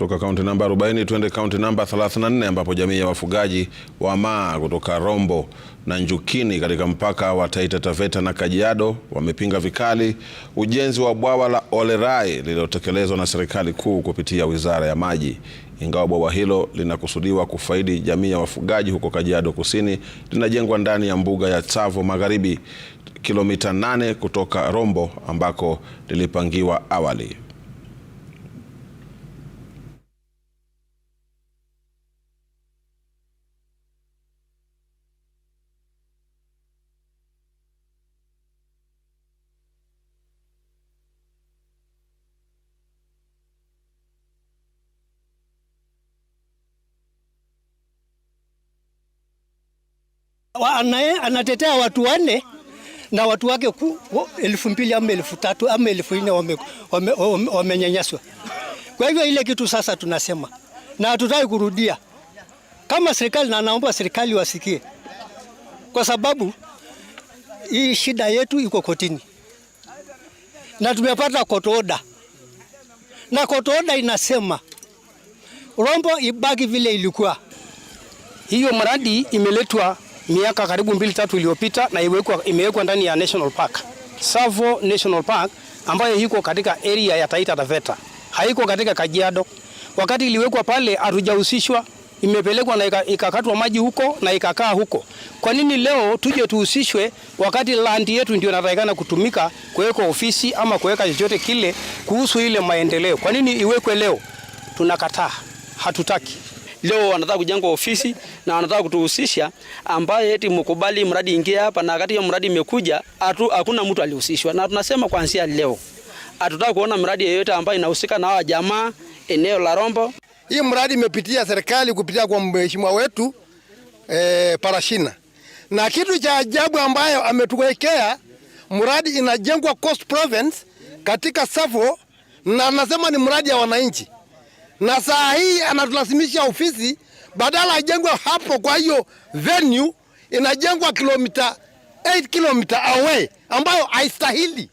Kutoka kaunti namba 40 tuende kaunti namba 34 ambapo jamii ya wafugaji wa Maa kutoka Rombo na Njukini katika mpaka wa Taita Taveta na Kajiado wamepinga vikali ujenzi wa bwawa la Olerai lililotekelezwa na serikali kuu kupitia Wizara ya Maji. Ingawa bwawa hilo linakusudiwa kufaidi jamii ya wafugaji huko Kajiado Kusini, linajengwa ndani ya mbuga ya Tsavo Magharibi, kilomita 8 kutoka Rombo ambako lilipangiwa awali. anatetea watu wanne na watu wake ku elfu mbili ama elfu tatu ama elfu nne wamenyanyaswa wame, wame. Kwa hivyo ile kitu sasa tunasema na hatutaki kurudia kama serikali, na naomba serikali wasikie, kwa sababu hii shida yetu iko kotini na tumepata kotoda na kotoda inasema Rombo ibaki vile ilikuwa. Hiyo mradi imeletwa miaka karibu mbili tatu iliyopita na imewekwa ndani ya National Park. Savo National Park ambayo iko katika area ya Taita Taveta, haiko katika Kajiado. Wakati iliwekwa pale hatujahusishwa, imepelekwa na ikakatwa maji huko na ikakaa huko. Kwa nini leo tuje tuhusishwe, wakati land yetu ndio inatakikana kutumika kuweka ofisi ama kuweka chochote kile kuhusu ile maendeleo? Kwa nini iwekwe leo? Tunakataa, hatutaki. Leo wanataka kujenga ofisi na wanataka kutuhusisha, ambaye eti mkubali mradi ingie hapa, na wakati hiyo mradi imekuja hakuna mtu alihusishwa, na tunasema kuanzia leo hatutaki kuona mradi yeyote ambayo inahusika na hawa jamaa eneo la Rombo. Hii mradi imepitia serikali kupitia kwa mheshimiwa wetu e, Parashina, na kitu cha ajabu ambayo ametuwekea mradi inajengwa Coast Province katika Savo, na anasema ni mradi ya wananchi na saa hii anatulazimisha ofisi badala ijengwe hapo. Kwa hiyo venue inajengwa kilomita 8 kilomita away ambayo haistahili.